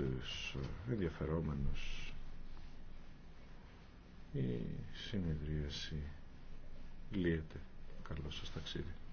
τους ενδιαφερόμενους η συνεδρίαση λύεται. Καλό σας ταξίδι.